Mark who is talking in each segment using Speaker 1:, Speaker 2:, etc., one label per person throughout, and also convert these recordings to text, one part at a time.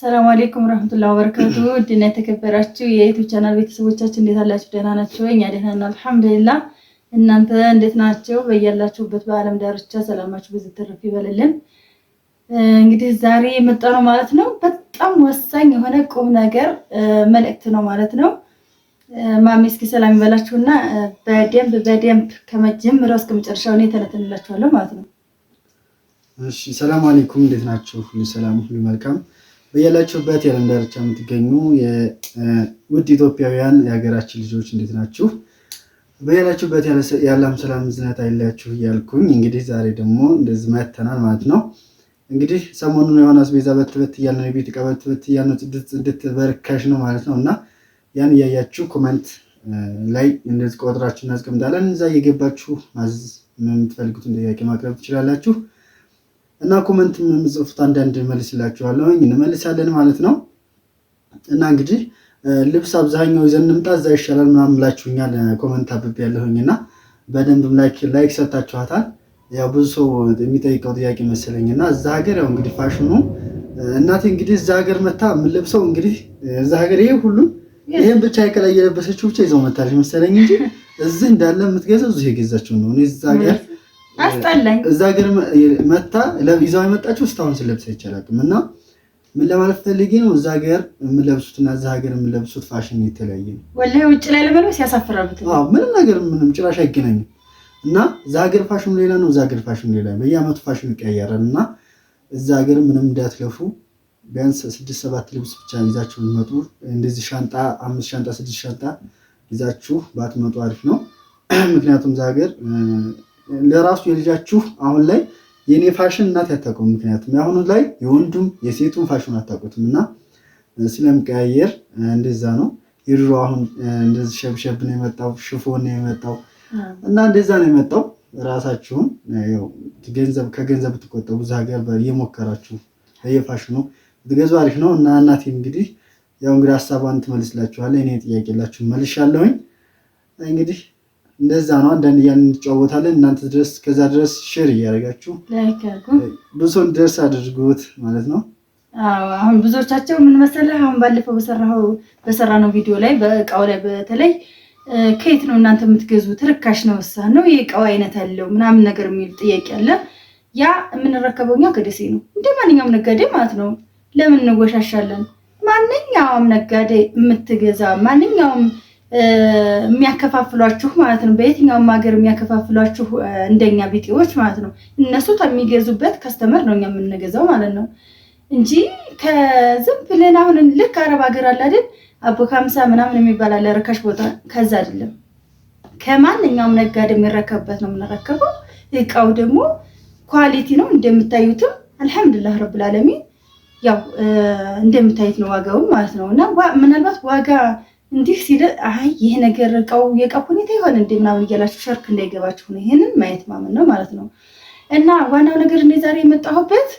Speaker 1: ሰላም አሌይኩም ረህመቱላሂ ወበረካቱ። ድና የተከበራችሁ የዩቲዩብ ቻናል ቤተሰቦቻችን እንዴት አላችሁ? ደህና ናቸው? እኛ ደህና ነን አልሐምዱሊላህ። እናንተ እንዴት ናቸው? በያላችሁበት በአለም ዳርቻ ሰላማችሁ ብዙ ትርፍ ይበልልን። እንግዲህ ዛሬ የመጣ ነው ማለት ነው በጣም ወሳኝ የሆነ ቁም ነገር መልእክት ነው ማለት ነው። ማሜ እስኪ ሰላም ይበላችሁና በደንብ በደንብ ከመጀመሪያው እስከ መጨረሻው እኔ ተነተንላችኋለሁ ማለት ነው።
Speaker 2: እሺ ሰላም አለይኩም፣ እንዴት ናችሁ? ሁሉ ሰላም፣ ሁሉ መልካም በያላችሁበት የዓለም ዳርቻ የምትገኙ የውድ ኢትዮጵያውያን የሀገራችን ልጆች እንዴት ናችሁ? በያላችሁበት የዓለም ሰላም ዝነት አይለያችሁ እያልኩኝ እንግዲህ ዛሬ ደግሞ እንደዚህ መተናል ማለት ነው። እንግዲህ ሰሞኑን የሆነ አስቤዛ በትበት እያለ የቤት ዕቃ በትበት እያለ ጽድት ጽድት በርካሽ ነው ማለት ነው እና ያን እያያችሁ ኮመንት ላይ እንደዚህ ቆጥራችሁ እናስቀምጣለን። እዛ እየገባችሁ ማዘዝ የምትፈልጉትን ጥያቄ ማቅረብ ትችላላችሁ። እና ኮመንት የምጽፉት አንዳንድ መልስ ይላችኋለሁ እንመልሳለን ማለት ነው። እና እንግዲህ ልብስ አብዛኛው ይዘን እንምጣ እዛ ይሻላል ምናምን ብላችሁኛል። ኮመንት አብብ ያለሁኝ እና በደንብም ላይክ ሰታችኋታል። ያው ብዙ ሰው የሚጠይቀው ጥያቄ መሰለኝ እና እዛ ሀገር ያው እንግዲህ ፋሽኑ እናቴ እንግዲህ እዛ ሀገር መታ የምንለብሰው እንግዲህ እዛ ሀገር ይሄ ሁሉም ይሄን ብቻ የቀላ እየለበሰችው ብቻ ይዘው መታለች መሰለኝ እንጂ እዚህ እንዳለ የምትገዛው እዚህ የገዛችው ነው እዛ ሀገር አስጠላኝ። እዛ ግን መታ ይዛው የመጣችው እስካሁን ስለብሰ ይቻላልም እና ምን ለማለት ፈልጌ ነው፣ እዛ ሀገር የምንለብሱትና እዛ ሀገር የምንለብሱት ፋሽን የተለያየ ነው።
Speaker 1: ወላሂ ውጭ ላይ ለመልበስ ያሳፍራል።
Speaker 2: ምንም ነገር ምንም ጭራሽ አይገናኝም። እና እዛ ሀገር ፋሽኑ ሌላ ነው፣ እዛ ሀገር ፋሽኑ ሌላ ነው። በየአመቱ ፋሽኑ ይቀያያራል። እና እዛ ሀገር ምንም እንዳትለፉ፣ ቢያንስ ስድስት ሰባት ልብስ ብቻ ይዛችሁ ብትመጡ፣ እንደዚህ ሻንጣ አምስት ሻንጣ ስድስት ሻንጣ ይዛችሁ ባትመጡ አሪፍ ነው። ምክንያቱም እዛ ሀገር ለራሱ የልጃችሁ አሁን ላይ የእኔ ፋሽን እናት ያታውቀው። ምክንያቱም አሁኑ ላይ የወንዱም የሴቱም ፋሽን አታውቁትም እና ስለምቀያየር እንደዛ ነው። የድሮ አሁን እንደዚህ ሸብሸብ ነው የመጣው፣ ሽፎን ነው የመጣው እና እንደዛ ነው የመጣው። ራሳችሁን ከገንዘብ ትቆጠቡ ብዙ ሀገር እየሞከራችሁ በየፋሽኑ ብትገዙ አሪፍ ነው እና እናቴ እንግዲህ ያው እንግዲህ ሀሳቧን ትመልስላችኋለህ። እኔ ጥያቄላችሁ መልሻለሁኝ እንግዲህ እንደዛ ነው። አንዳንድ ያን እንጫወታለን። እናንተ ድረስ ከዛ ድረስ ሼር እያደረጋችሁ ብዙ ሰው እንዲደርስ አድርጉት ማለት ነው። አሁን ብዙዎቻቸው ምን መሰለህ፣ አሁን ባለፈው በሰራው በሰራ ነው ቪዲዮ ላይ በእቃው ላይ በተለይ ከየት ነው እናንተ የምትገዙ ትርካሽ ነው ሳ ነው የእቃው አይነት አለው ምናምን ነገር የሚል ጥያቄ አለ። ያ የምንረከበው እኛ ከደሴ ነው እንደ ማንኛውም ነጋዴ ማለት ነው። ለምን እንወሻሻለን? ማንኛውም ነጋዴ የምትገዛ ማንኛውም የሚያከፋፍሏችሁ ማለት ነው። በየትኛውም ሀገር የሚያከፋፍሏችሁ እንደኛ ቢጤዎች ማለት ነው። እነሱ ከሚገዙበት ከስተመር ነው እኛ የምንገዛው ማለት ነው እንጂ ከዝም ብለን አሁን ልክ አረብ ሀገር አለ አይደል አቦ ከሀምሳ ምናምን የሚባል አለ ርካሽ ቦታ። ከዛ አይደለም ከማንኛውም ነጋዴ የሚረከብበት ነው የምንረከበው። እቃው ደግሞ ኳሊቲ ነው እንደምታዩትም አልሐምዱላህ ረብል ያው እንደምታዩት ነው ዋጋውም ማለት ነው እና ምናልባት ዋጋ እንዲህ ሲል አይ ይሄ ነገር እቃው የእቃ ሁኔታ ይሆን እንዴ ምናምን እያላችሁ ሸርክ እንዳይገባችሁ ነው። ይህንን ማየት ማመን ነው ማለት ነው። እና ዋናው ነገር እኔ ዛሬ የመጣሁበት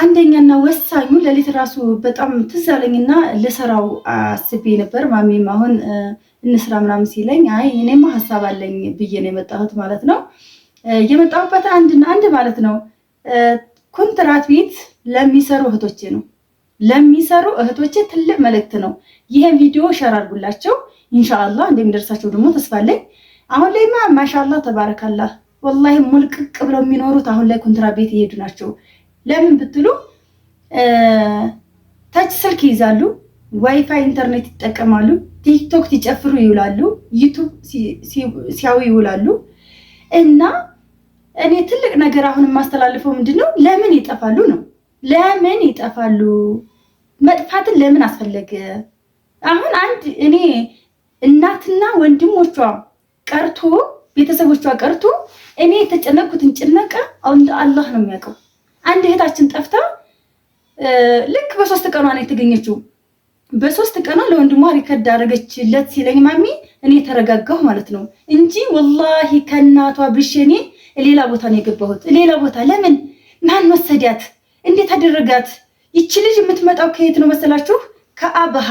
Speaker 2: አንደኛና ወሳኙ ለሌት ራሱ በጣም ትዝ አለኝና ልሰራው አስቤ ነበር። ማሚም አሁን እንስራ ምናምን ሲለኝ አይ እኔማ ሀሳብ አለኝ ብዬ ነው የመጣሁት ማለት ነው። የመጣሁበት አንድና አንድ ማለት ነው ኮንትራት ቤት ለሚሰሩ እህቶቼ ነው። ለሚሰሩ እህቶቼ ትልቅ መልእክት ነው። ይሄን ቪዲዮ ሸር አድርጉላቸው። ኢንሻአላህ እንደሚደርሳቸው ደግሞ ተስፋ አለኝ። አሁን ላይማ ማሻላ ተባረካላ ወላሂ ሙልቅቅ ብለው የሚኖሩት አሁን ላይ ኮንትራ ቤት እየሄዱ ናቸው። ለምን ብትሉ ታች ስልክ ይይዛሉ፣ ዋይፋይ ኢንተርኔት ይጠቀማሉ፣ ቲክቶክ ሲጨፍሩ ይውላሉ፣ ዩቱብ ሲያዩ ይውላሉ። እና እኔ ትልቅ ነገር አሁን የማስተላልፈው ምንድን ነው ለምን ይጠፋሉ ነው ለምን ይጠፋሉ? መጥፋትን ለምን አስፈለገ? አሁን አንድ እኔ እናትና ወንድሞቿ ቀርቶ ቤተሰቦቿ ቀርቶ እኔ የተጨነቅኩትን ጭነቀ አላህ ነው የሚያውቀው። አንድ እህታችን ጠፍታ ልክ በሶስት ቀኗ ነው የተገኘችው። በሶስት ቀኗ ለወንድሟ ሪከርድ አደረገችለት ሲለኝ ማሚ እኔ ተረጋጋሁ ማለት ነው እንጂ ወላሂ ከእናቷ ብሼ እኔ ሌላ ቦታ ነው የገባሁት። ሌላ ቦታ ለምን ማን ወሰዳት? እንዴት አደረጋት? ይቺ ልጅ የምትመጣው ከየት ነው መሰላችሁ? ከአብሃ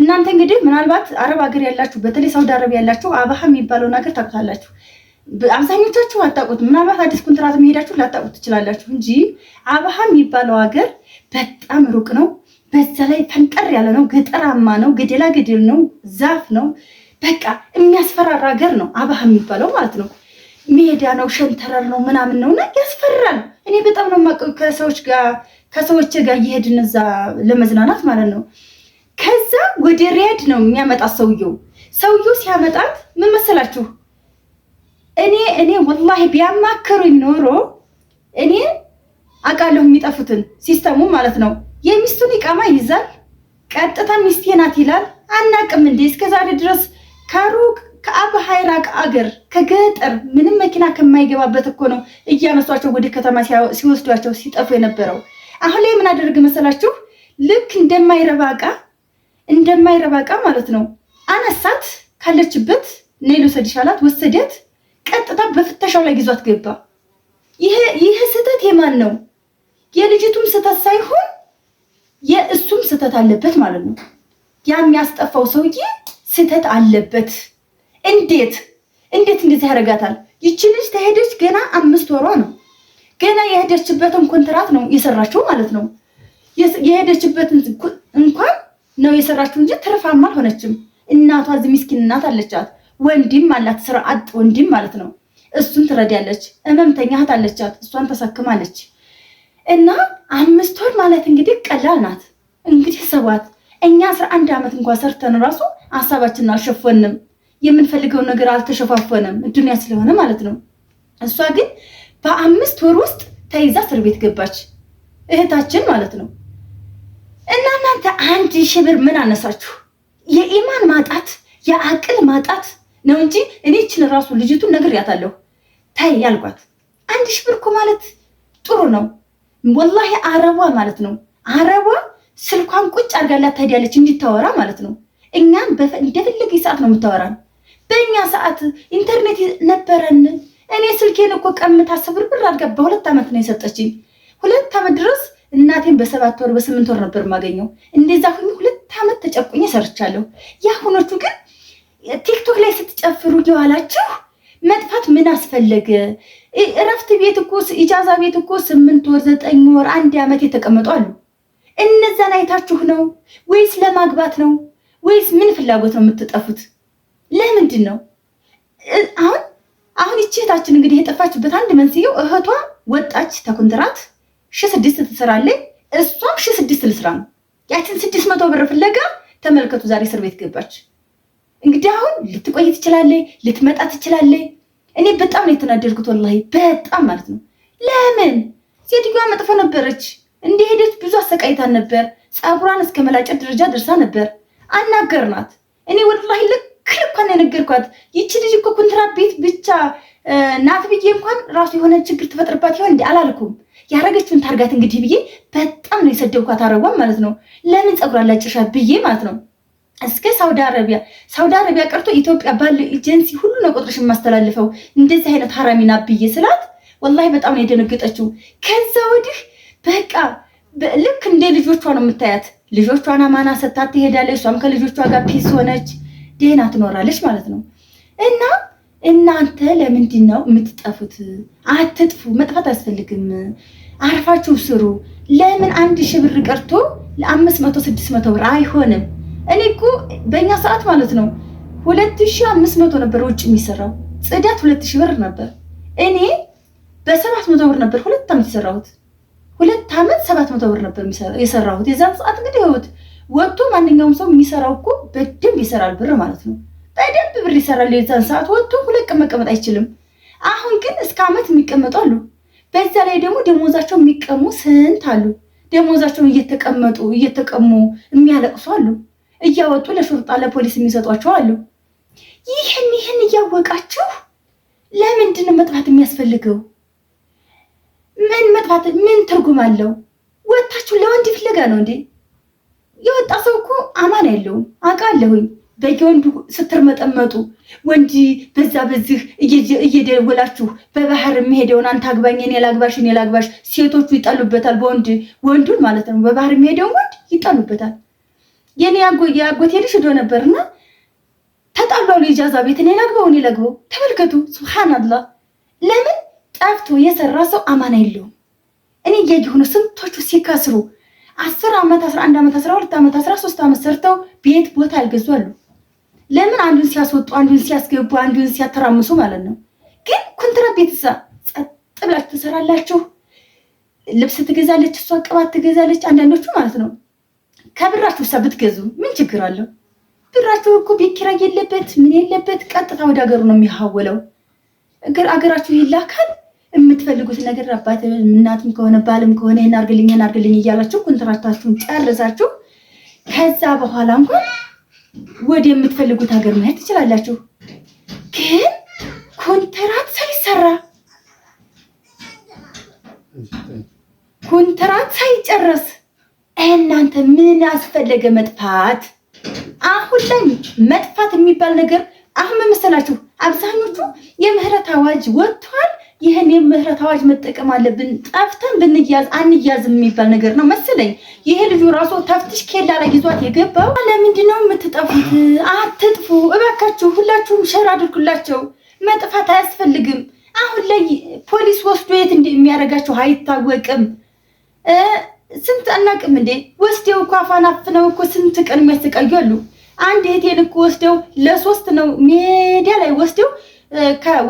Speaker 2: እናንተ እንግዲህ ምናልባት አረብ ሀገር ያላችሁ በተለይ ሳውዲ አረብ ያላችሁ አብሃ የሚባለውን ሀገር ታውቁታላችሁ። አብዛኞቻችሁ አታውቁትም። ምናልባት አዲስ ኩንትራት መሄዳችሁ ላታውቁት ትችላላችሁ እንጂ አብሃ የሚባለው ሀገር በጣም ሩቅ ነው። በዛ ላይ ፈንጠር ያለ ነው፣ ገጠራማ ነው፣ ገደላ ገደል ነው፣ ዛፍ ነው። በቃ የሚያስፈራራ ሀገር ነው አብሃ የሚባለው ማለት ነው። ሜዳ ነው፣ ሸንተረር ነው፣ ምናምን ነው እና ያስፈራል። እኔ በጣም ነው ከሰዎች ጋር ከሰዎች ጋር እየሄድን እዛ ለመዝናናት ማለት ነው። ከዛ ወደ ሪያድ ነው የሚያመጣት ሰውየው። ሰውየው ሲያመጣት ምን መሰላችሁ? እኔ እኔ ወላሂ ቢያማከሩኝ ኖሮ እኔ አውቃለሁ የሚጠፉትን ሲስተሙ ማለት ነው። የሚስቱን ይቃማ ይይዛል። ቀጥታ ሚስቴ ናት ይላል። አናቅም እንዴ እስከዛሬ ድረስ ከሩቅ ከአብ ሀይራቅ አገር ከገጠር ምንም መኪና ከማይገባበት እኮ ነው እያነሷቸው ወደ ከተማ ሲወስዷቸው ሲጠፉ የነበረው። አሁን ላይ ምን አደርግ መሰላችሁ? ልክ እንደማይረባ ዕቃ እንደማይረባ ማለት ነው። አነሳት ካለችበት ነይ ልውሰድሽ አላት። ወሰደት። ቀጥታ በፍተሻው ላይ ይዟት ገባ። ይህ ስህተት የማን ነው? የልጅቱም ስህተት ሳይሆን የእሱም ስህተት አለበት ማለት ነው። ያ የሚያስጠፋው ሰውዬ ስህተት አለበት። እንዴት እንዴት እንደዚህ ያደርጋታል? ይቺ ልጅ ተሄደች ገና አምስት ወሯ ነው። ገና የሄደችበትን ኮንትራት ነው የሰራችው ማለት ነው። የሄደችበትን እንኳን ነው የሰራችው እንጂ ትርፋማ አልሆነችም። እናቷ እዚህ ምስኪን እናት አለቻት፣ ወንድም አላት፣ ስራ አጥ ወንድም ማለት ነው። እሱን ትረዳለች። እመምተኛ እህት አለቻት፣ እሷን ተሳክማለች። እና አምስት ወር ማለት እንግዲህ ቀላል ናት። እንግዲህ ሰባት እኛ አስራ አንድ ዓመት እንኳን ሰርተን ራሱ ሀሳባችንን አልሸፈንም። የምንፈልገውን ነገር አልተሸፋፈንም፣ ዱኒያ ስለሆነ ማለት ነው። እሷ ግን በአምስት ወር ውስጥ ተይዛ እስር ቤት ገባች እህታችን ማለት ነው። እና እናንተ አንድ ሺህ ብር ምን አነሳችሁ? የኢማን ማጣት የአቅል ማጣት ነው እንጂ እኔ ይችን ራሱ ልጅቱን ነግሬያታለሁ። ታይ ያልኳት አንድ ሺህ ብር እኮ ማለት ጥሩ ነው። ወላሂ አረቧ ማለት ነው አረቧ ስልኳን ቁጭ አድርጋላት ትሄዳለች እንዲታወራ ማለት ነው። እኛም እንደፈለገ ሰዓት ነው የምታወራን። በእኛ ሰዓት ኢንተርኔት ነበረን። እኔ ስልኬን እኮ ቀምታ ስብርብር አድርጋ በሁለት ዓመት ነው የሰጠችኝ። ሁለት ዓመት ድረስ እናቴን በሰባት ወር በስምንት ወር ነበር የማገኘው። እንደዛ ሁኝ ሁለት ዓመት ተጨቁኜ ሰርቻለሁ። ያሁኖቹ ግን ቲክቶክ ላይ ስትጨፍሩ የዋላችሁ መጥፋት ምን አስፈለገ? እረፍት ቤት እኮ ኢጃዛ ቤት እኮ ስምንት ወር ዘጠኝ ወር አንድ ዓመት የተቀመጡ አሉ። እነዛን አይታችሁ ነው ወይስ ለማግባት ነው ወይስ ምን ፍላጎት ነው የምትጠፉት? ለምንድን ነው አሁን አሁን ይቺ እህታችን እንግዲህ የጠፋችበት አንድ መንስኤው እህቷ ወጣች ተኩንትራት ሺ ስድስት ትሰራለች፣ እሷም ሺ ስድስት ልስራ ነው። ያችን ስድስት መቶ ብር ፍለጋ ተመልከቱ ዛሬ እስር ቤት ገባች። እንግዲህ አሁን ልትቆይ ትችላለች፣ ልትመጣ ትችላለች። እኔ በጣም ነው የተናደድኩት፣ ወላሂ በጣም ማለት ነው። ለምን ሴትዮዋ መጥፎ ነበረች። ሄደች ብዙ አሰቃይታን ነበር። ፀጉሯን እስከ መላጨት ደረጃ ደርሳ ነበር። አናገርናት። እኔ ወላሂ ልክ ትክክል እኳን የነገርኳት ይቺ ልጅ እኮ ኩንትራ ቤት ብቻ ናት ብዬ እንኳን ራሱ የሆነ ችግር ትፈጥርባት ይሆን እንዲ አላልኩም። ያረገችውን ታርጋት እንግዲህ ብዬ በጣም ነው የሰደብኳት፣ አረጓን ማለት ነው። ለምን ፀጉር አላጭሻት ብዬ ማለት ነው። እስከ ሳውዲ አረቢያ ሳውዲ አረቢያ ቀርቶ ኢትዮጵያ ባለው ኤጀንሲ ሁሉ ነው ቁጥርሽ የማስተላልፈው እንደዚህ አይነት ሀረሚና ብዬ ስላት ወላሂ በጣም ነው የደነገጠችው። ከዛ ወዲህ በቃ ልክ እንደ ልጆቿ ነው የምታያት። ልጆቿን አማና ሰታት ትሄዳለች። እሷም ከልጆቿ ጋር ፒስ ሆነች። ድህና ትኖራለች ማለት ነው። እና እናንተ ለምንድን ነው የምትጠፉት? አትጥፉ፣ መጥፋት አያስፈልግም። አርፋችሁ ስሩ። ለምን አንድ ሺህ ብር ቀርቶ ለአምስት መቶ ስድስት መቶ ብር አይሆንም? እኔ እኮ በእኛ ሰዓት ማለት ነው ሁለት ሺህ አምስት መቶ ነበር ውጭ የሚሰራው ጽዳት ሁለት ሺህ ብር ነበር። እኔ በሰባት መቶ ብር ነበር ሁለት ዓመት የሰራሁት። ሁለት ዓመት ሰባት መቶ ብር ነበር የሰራሁት። የዛን ሰዓት እንግዲህ ህይወት ወጥቶ ማንኛውም ሰው የሚሰራው እኮ በደንብ ይሰራል፣ ብር ማለት ነው። በደንብ ብር ይሰራል። የዛን ሰዓት ወጥቶ ሁለት ቀን መቀመጥ አይችልም። አሁን ግን እስከ አመት የሚቀመጡ አሉ። በዛ ላይ ደግሞ ደሞዛቸው የሚቀሙ ስንት አሉ። ደሞዛቸውን እየተቀመጡ እየተቀሙ የሚያለቅሱ አሉ። እያወጡ ለሹርጣ ለፖሊስ የሚሰጧቸው አሉ። ይህን ይህን እያወቃችሁ ለምንድን ነው መጥፋት የሚያስፈልገው? ምን መጥፋት ምን ትርጉም አለው? ወጥታችሁ ለወንድ ፍለጋ ነው እንዴ? የወጣ ሰው እኮ አማን ያለውም አውቃለሁኝ። በየወንዱ ስትርመጠመጡ ወንድ በዛ በዚህ እየደወላችሁ በባህር የሚሄደውን አንተ አግባኝ እኔ ላግባሽ እኔ ላግባሽ፣ ሴቶቹ ይጠሉበታል። በወንድ ወንዱን ማለት ነው። በባህር የሚሄደውን ወንድ ይጠሉበታል። የኔ የአጎቴ ልጅ ሄዶ ነበርና ተጣሏሉ። የጃዛ ቤት እኔ ላግባው እኔ ላግባው። ተመልከቱ፣ ሱብሃናላህ። ለምን ጠፍቶ የሰራ ሰው አማን የለውም። እኔ እያየሁ ነው ስንቶቹ ሲከስሩ አስር ዓመት አስራ አንድ ዓመት አስራ ሁለት ዓመት አስራ ሶስት ዓመት ሰርተው ቤት ቦታ ያልገዙ አሉ። ለምን አንዱን ሲያስወጡ፣ አንዱን ሲያስገቡ፣ አንዱን ሲያተራምሱ ማለት ነው። ግን ኮንትራት ቤትሳ ጸጥ ብላችሁ ትሰራላችሁ። ልብስ ትገዛለች እሷ፣ ቅባት ትገዛለች። አንዳንዶቹ ማለት ነው ከብራችሁ ሳ ብትገዙ ምን ችግር አለው? ብራችሁ እኮ ቤት ኪራይ የለበት ምን የለበት፣ ቀጥታ ወደ ሀገሩ ነው የሚሀወለው። እግር አገራችሁ ይላካል የምትፈልጉት ነገር አባት እናትም ከሆነ ባልም ከሆነ ይህን አርግልኝ አርግልኝ እያላችሁ ኮንትራክታችሁን ጨርሳችሁ ከዛ በኋላ እንኳን ወደ የምትፈልጉት ሀገር መሄድ ትችላላችሁ። ግን ኮንትራት ሳይሰራ ኮንትራት ሳይጨረስ እናንተ ምን አስፈለገ መጥፋት? አሁን ላይ መጥፋት የሚባል ነገር አሁን መመሰላችሁ አብዛኞቹ የምህረት አዋጅ ወጥቷል። ይህን የምህረት አዋጅ መጠቀም አለብን። ጠፍተን ብንያዝ አንያዝ የሚባል ነገር ነው መሰለኝ። ይሄ ልጁ ራሱ ተፍትሽ ኬላ ላይ ይዟት የገባው ለምንድን ነው የምትጠፉት? አትጥፉ እባካችሁ፣ ሁላችሁም ሸር አድርጉላቸው። መጥፋት አያስፈልግም። አሁን ላይ ፖሊስ ወስዶ የት እንደሚያደርጋቸው አይታወቅም። ስንት አናውቅም እንዴ ወስደው እኮ አፋን አፍነው እኮ ስንት ቀን የሚያሰቃዩ አሉ። አንድ እህቴን እኮ ወስደው ለሶስት ነው ሜዳ ላይ ወስደው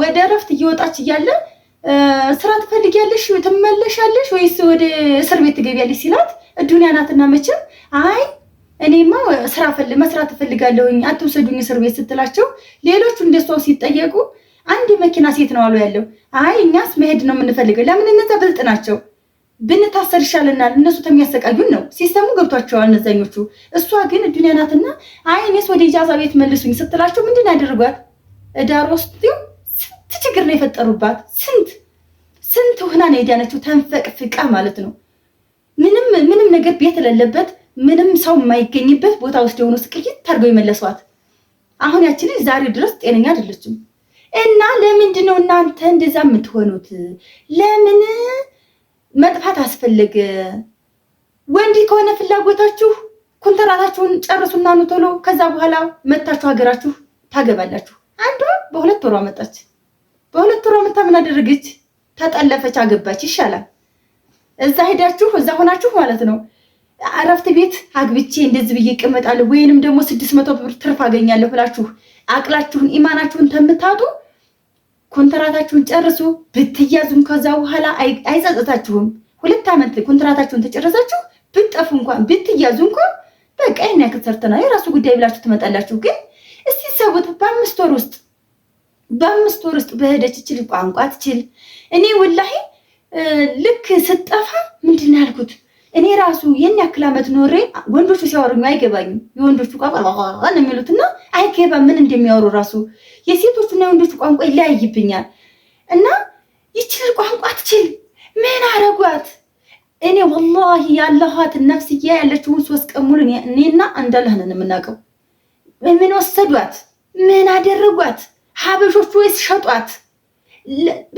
Speaker 2: ወደ እረፍት እየወጣች እያለ ስራ ትፈልጊያለሽ ትመለሻለሽ ወይስ ወደ እስር ቤት ትገቢያለሽ ሲላት እዱንያ ናትና መቼም አይ እኔማ ስራ መስራት እፈልጋለሁኝ አትውሰዱኝ እስር ቤት ስትላቸው ሌሎቹ እንደሷው ሲጠየቁ አንድ መኪና ሴት ነው አሉ ያለው። አይ እኛስ መሄድ ነው የምንፈልገው። ለምን እነዛ ብልጥ ናቸው፣ ብንታሰር ይሻለናል። እነሱ ተሚያሰቃዩን ነው ሲስተሙ ገብቷቸዋል እነዛኞቹ። እሷ ግን ዱንያ ናትና አይ እኔስ ወደ ኢጃዛ ቤት መልሱኝ ስትላቸው ምንድን ያደርጓት ዳር ውስጥ ችግር ነው የፈጠሩባት። ስንት ስንት ውህና ነው የዳነችው ተንፈቅፍቃ ማለት ነው። ምንም ምንም ነገር ቤት የሌለበት ምንም ሰው የማይገኝበት ቦታ ውስጥ የሆኑ ስቅይት ታርገው የመለሷት። አሁን ያቺ ልጅ ዛሬ ድረስ ጤነኛ አይደለችም። እና ለምንድን ነው እናንተ እንደዛ የምትሆኑት? ለምን መጥፋት አስፈለገ? ወንድ ከሆነ ፍላጎታችሁ ኮንትራታችሁን ጨርሱና ኑ ቶሎ። ከዛ በኋላ መታችሁ ሀገራችሁ ታገባላችሁ። አንዷ በሁለት ወሯ መጣች። በሁለት ወር መታ ምን አደረገች? ተጠለፈች፣ አገባች። ይሻላል እዛ ሄዳችሁ እዛ ሆናችሁ ማለት ነው እረፍት ቤት አግብቼ እንደዚህ ብዬ እቀመጣለሁ ወይንም ደግሞ ስድስት መቶ ብር ትርፍ አገኛለሁ ብላችሁ አቅላችሁን ኢማናችሁን ተምታጡ ኮንትራታችሁን ጨርሱ። ብትያዙም ከዛ በኋላ አይጸጸታችሁም። ሁለት ዓመት ኮንትራታችሁን ተጨረሳችሁ ብትጠፉ እንኳን ብትያዙ እንኳን በቃ ይህን ያክል ሰርተናል የራሱ ጉዳይ ብላችሁ ትመጣላችሁ። ግን እስቲ ሰቡት በአምስት ወር ውስጥ በአምስት ወር ውስጥ በሄደች ችል ቋንቋ ትችል። እኔ ወላሂ ልክ ስጠፋ ምንድን ነው ያልኩት? እኔ ራሱ የኔ ያክል ዓመት ኖሬ ወንዶቹ ሲያወሩኝ አይገባኝም። የወንዶቹ ቋንቋ ነው እና አይገባ ምን እንደሚያወሩ ራሱ የሴቶቹና የወንዶቹ ቋንቋ ይለያይብኛል። እና ይችል ቋንቋ ትችል ምን አረጓት? እኔ ወላሂ ያለኋት ነፍስያ ያለችውን ሶስት ቀን ሙሉ እኔና እንዳለህንን የምናውቀው ምን ወሰዷት? ምን አደረጓት? ሀበሾች ወይስ ሸጧት?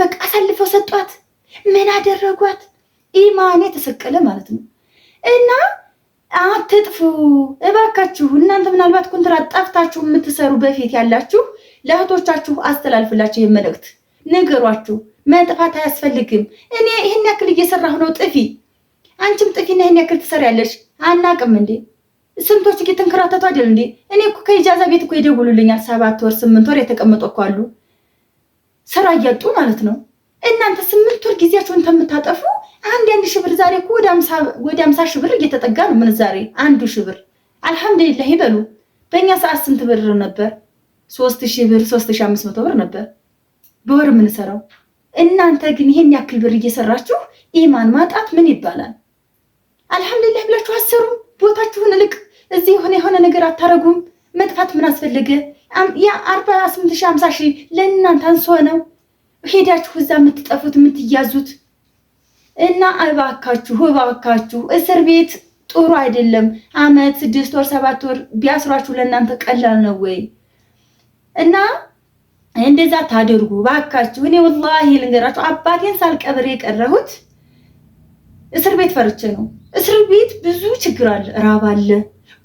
Speaker 2: በቃ አሳልፈው ሰጧት? ምን አደረጓት? ኢማኔ ተሰቀለ ማለት ነው። እና አትጥፉ እባካችሁ። እናንተ ምናልባት ኮንትራት ጠፍታችሁ የምትሰሩ በፊት ያላችሁ ለእህቶቻችሁ አስተላልፍላቸው የመልእክት ንገሯችሁ። መጥፋት አያስፈልግም። እኔ ይህን ያክል እየሰራሁ ነው፣ ጥፊ አንቺም ጥፊና ይህን ያክል ትሰሪያለሽ አናቅም እንዴ? ስንቶች እየተንከራተቱ አይደል እንዴ? እኔ እኮ ከኢጃዛ ቤት እኮ ይደውሉልኛል። ሰባት ወር ስምንት ወር የተቀመጡ እኮ አሉ፣ ስራ እያጡ ማለት ነው። እናንተ ስምንት ወር ጊዜያችሁን ተምታጠፉ አንድ አንድ ሺህ ብር ዛሬ እኮ ወደ አምሳ ሺህ ብር እየተጠጋ ነው። ምን ዛሬ አንዱ ሺህ ብር አልሐምዱሊላህ ይበሉ። በእኛ ሰዓት ስንት ብር ነበር? ሶስት ሺህ ብር ሶስት ሺህ አምስት መቶ ብር ነበር በወር የምንሰራው። እናንተ ግን ይሄን ያክል ብር እየሰራችሁ ኢማን ማጣት ምን ይባላል? አልሐምዱሊላህ ብላችሁ አሰሩም ቦታችሁን ልቅ? እዚህ የሆነ የሆነ ነገር አታረጉም? መጥፋት ምን አስፈለገ? ያ አርባ ስምንት ሺ ሀምሳ ሺ ለእናንተ አንሶ ነው ሄዳችሁ እዛ የምትጠፉት የምትያዙት። እና እባካችሁ እባካችሁ እስር ቤት ጥሩ አይደለም። አመት ስድስት ወር ሰባት ወር ቢያስሯችሁ ለእናንተ ቀላል ነው ወይ? እና እንደዛ ታደርጉ ባካችሁ። እኔ ወላሂ ልንገራችሁ አባቴን ሳልቀብር የቀረሁት እስር ቤት ፈርቼ ነው። እስር ቤት ብዙ ችግር አለ፣ ራብ አለ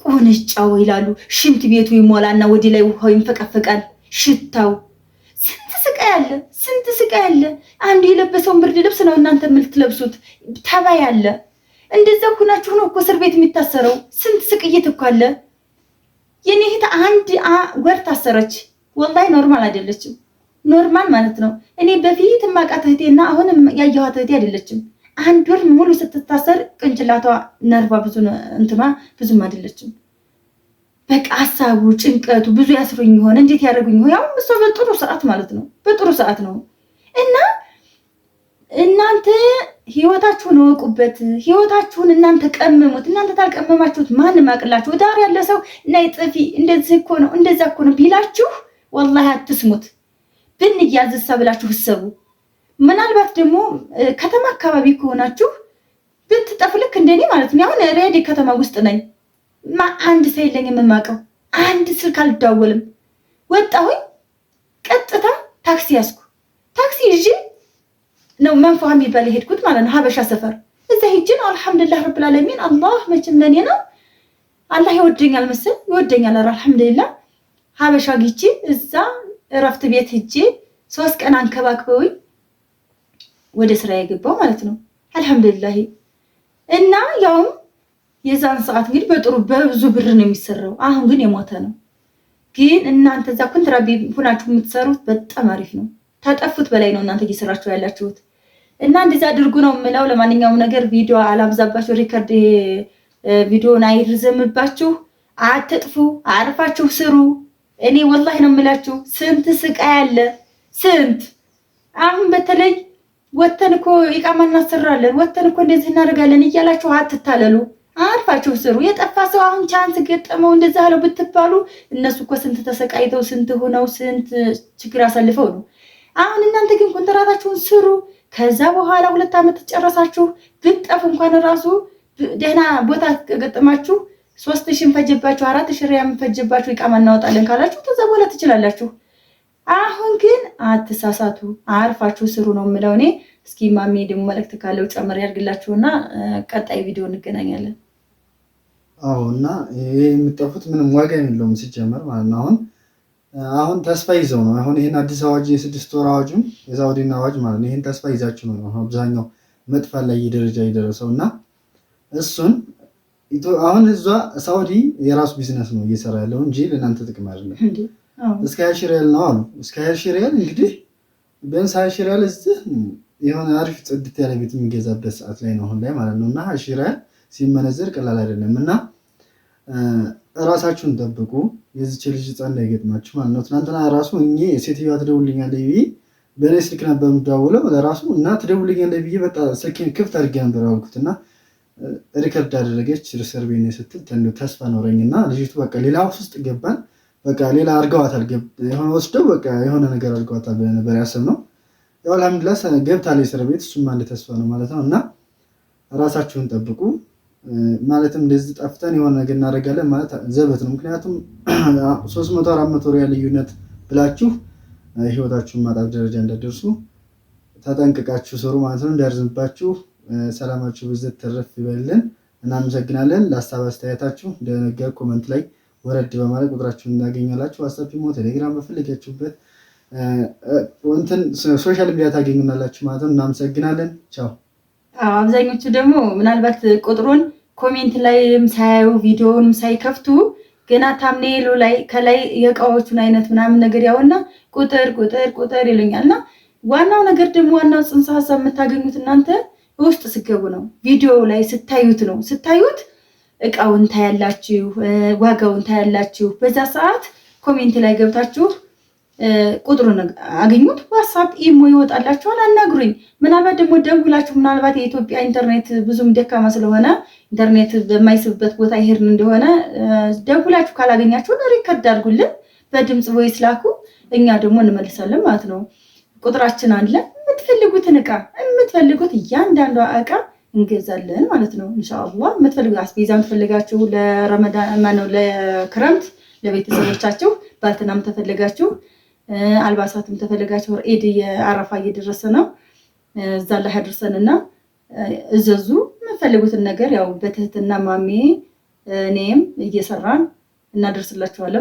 Speaker 2: ቁንጫው ይላሉ። ሽንት ቤቱ ይሞላና ወደ ላይ ውሃው ይንፈቀፈቃል። ሽታው ስንት ስቃይ አለ፣ ስንት ስቃይ አለ። አንዱ የለበሰውን ብርድ ልብስ ነው እናንተ የምትለብሱት። ተባይ አለ። እንደዛ ሁናችሁ ነው እኮ እስር ቤት የሚታሰረው። ስንት ስቅይት እኮ አለ። የኔ እህት አንድ ወር ታሰረች። ወላሂ ኖርማል አይደለችም። ኖርማል ማለት ነው እኔ በፊት የማውቃት እህቴና አሁን ያየኋት እህቴ አይደለችም። አንድ ወር ሙሉ ስትታሰር ቅንጭላቷ ነርቫ ብዙ እንትኗ ብዙም አይደለችም። በቃ ሀሳቡ ጭንቀቱ ብዙ ያስሩኝ ሆነ እንዴት ያደርጉኝ ሆ ያሁን እሷ በጥሩ ሰዓት ማለት ነው በጥሩ ሰዓት ነው እና እናንተ ህይወታችሁን እወቁበት። ህይወታችሁን እናንተ ቀመሙት። እናንተ ታልቀመማችሁት ማንም አቅላችሁ ዳር ያለ ሰው ናይ ጥፊ እንደዚህ እኮ ነው እንደዛ እኮ ነው ቢላችሁ ወላሂ አትስሙት። ብንያዝ ብላችሁ እሰቡ። ምናልባት ደግሞ ከተማ አካባቢ ከሆናችሁ ብትጠፉ ልክ እንደኔ ማለት ነው። አሁን ሬዲ ከተማ ውስጥ ነኝ። አንድ ሰው የለኝ የምማቀው፣ አንድ ስልክ አልደዋወልም። ወጣሁኝ፣ ቀጥታ ታክሲ ያዝኩ። ታክሲ ይዤ ነው መንፋ የሚባል የሄድኩት ማለት ነው፣ ሀበሻ ሰፈር። እዛ ሄጄ ነው አልሐምዱሊላህ ረብል ዓለሚን። አላህ መቼም ለኔ ነው አላህ ይወደኛል መሰል ይወደኛል። ኧረ አልሐምዱሊላህ ሀበሻ ጊቼ እዛ እረፍት ቤት ሄጄ ሶስት ቀን አንከባክበውኝ ወደ ስራ የገባው ማለት ነው። አልሐምዱሊላህ እና ያውም የዛን ሰዓት እንግዲህ በጥሩ በብዙ ብር ነው የሚሰራው። አሁን ግን የሞተ ነው። ግን እናንተ እዛ ኮንትራት ሆናችሁ የምትሰሩት በጣም አሪፍ ነው። ታጠፉት በላይ ነው እናንተ እየሰራችሁ ያላችሁት እና እንደዚህ አድርጉ ነው የምለው። ለማንኛውም ነገር ቪዲዮ አላብዛባችሁ፣ ሪከርድ ቪዲዮን አይርዘምባችሁ። አትጥፉ፣ አርፋችሁ ስሩ። እኔ ወላሂ ነው የምላችሁ ስንት ስቃይ አለ ስንት አሁን በተለይ ወተን እኮ ይቃማ እናሰራለን፣ ወተን እኮ እንደዚህ እናደርጋለን እያላችሁ አትታለሉ። አርፋችሁ ስሩ። የጠፋ ሰው አሁን ቻንስ ገጠመው እንደዛ አለው ብትባሉ እነሱ እኮ ስንት ተሰቃይተው ስንት ሆነው ስንት ችግር አሳልፈው ነው። አሁን እናንተ ግን ኮንትራታችሁን ስሩ። ከዛ በኋላ ሁለት ዓመት ጨረሳችሁ ብትጠፉ እንኳን ራሱ ደህና ቦታ ገጠማችሁ ሶስት ሺ እንፈጀባችሁ አራት ሺህ ሪያል እንፈጀባችሁ እናወጣለን ካላችሁ ከዛ በኋላ ትችላላችሁ። አሁን ግን አትሳሳቱ፣ አርፋችሁ ስሩ ነው የምለው እኔ። እስኪ ማሜ ደግሞ መልእክት ካለው ጨምር ያድርግላችሁና ቀጣይ ቪዲዮ እንገናኛለን። አዎ እና ይሄ የምጠፉት ምንም ዋጋ የሚለውም ሲጀመር ማለት ነው። አሁን አሁን ተስፋ ይዘው ነው አሁን ይህን አዲስ አዋጅ የስድስት ወር አዋጅም የዛውዲን አዋጅ ማለት ነው። ይህን ተስፋ ይዛችሁ ነው አብዛኛው መጥፋት ላይ ደረጃ የደረሰው እና እሱን አሁን እዛ ሳውዲ የራሱ ቢዝነስ ነው እየሰራ ያለው እንጂ ለእናንተ ጥቅም አይደለም። እስከ ሀያ ሺህ ሪያል ነው አሉ። እስከ ሀያ ሺህ ሪያል እንግዲህ ቢያንስ ሀያ ሺህ ሪያል እዚህ የሆነ አሪፍ ጽድት ያለ ቤት የሚገዛበት ሰዓት ላይ ነው አሁን ላይ ማለት ነው። እና ሀያ ሺህ ሪያል ሲመነዘር ቀላል አይደለም። እና እራሳችሁን ጠብቁ፣ የዚች ልጅ እጻ እንዳይገጥማችሁ ማለት ነው። ትናንትና ራሱ እኔ ሴትዮዋ ትደውልኛለች ብዬ በእኔ ስልክ ነበር የምደውለው ለራሱ እና ትደውልኛለች ብዬ በቃ ስልኬን ክፍት አድርጌ ነበር ያልኩት እና ሪከርድ አደረገች ሰርቤ ስትል ተስፋ ኖረኝ እና ልጅቱ በቃ ሌላ ውስጥ ገባን። በቃ ሌላ አድርገዋታል። የሆነ ወስደው በቃ የሆነ ነገር አድርገዋታል ነበር ያሰብነው። ያው አልሐምዱላ ገብታለች እስር ቤት። እሱም አንድ ተስፋ ነው ማለት ነው። እና ራሳችሁን ጠብቁ ማለትም እንደዚህ ጠፍተን የሆነ ነገር እናደርጋለን ማለት ዘበት ነው። ምክንያቱም ሶስት መቶ አራት መቶ ሪያል ልዩነት ብላችሁ ህይወታችሁን ማጣት ደረጃ እንዳደርሱ ተጠንቅቃችሁ ስሩ ማለት ነው። እንዳያርዝምባችሁ። ሰላማችሁ ብዝት ትርፍ ይበልን። እናመሰግናለን። ለሀሳብ አስተያየታችሁ እንደነገር ኮመንት ላይ ወረድ በማለት ቁጥራችሁን እናገኛላችሁ። ዋትሳፕ፣ ኢሞ፣ ቴሌግራም በፈለጋችሁበት እንትን ሶሻል ሚዲያ ታገኙናላችሁ ማለት ነው። እናመሰግናለን። ቻው። አብዛኞቹ ደግሞ ምናልባት ቁጥሩን ኮሜንት ላይም ሳያዩ ቪዲዮውንም ሳይከፍቱ ገና ታምኔሉ ላይ ከላይ የእቃዎቹን አይነት ምናምን ነገር ያውና ቁጥር ቁጥር ቁጥር ይሉኛል እና ዋናው ነገር ደግሞ ዋናው ጽንሰ ሀሳብ የምታገኙት እናንተ ውስጥ ስገቡ ነው። ቪዲዮ ላይ ስታዩት ነው ስታዩት እቃውን ታያላችሁ፣ ዋጋውን ታያላችሁ። በዛ ሰዓት ኮሜንት ላይ ገብታችሁ ቁጥሩን አገኙት። ዋትሳፕ ኢሞ ይወጣላችኋል። አናግሩኝ። ምናልባት ደግሞ ደውላችሁ ምናልባት የኢትዮጵያ ኢንተርኔት ብዙም ደካማ ስለሆነ ኢንተርኔት በማይስብበት ቦታ ይሄድን እንደሆነ ደውላችሁ ካላገኛችሁን ሪከርድ አድርጉልን፣ በድምፅ ወይስ ላኩ። እኛ ደግሞ እንመልሳለን ማለት ነው። ቁጥራችን አለ። የምትፈልጉትን እቃ የምትፈልጉት እያንዳንዷ እቃ እንገዛለን ማለት ነው። እንሻአላ የምትፈልጉ አስቤዛ የምትፈልጋችሁ ለረመዳን ለክረምት ለቤተሰቦቻችሁ ባልትናም ተፈለጋችሁ አልባሳትም ተፈለጋችሁ ኢድ የአረፋ እየደረሰ ነው። እዛ ላይ እና እዘዙ የምትፈልጉትን ነገር ያው በትህትና ማሜ እኔም እየሰራን እናደርስላችኋለን።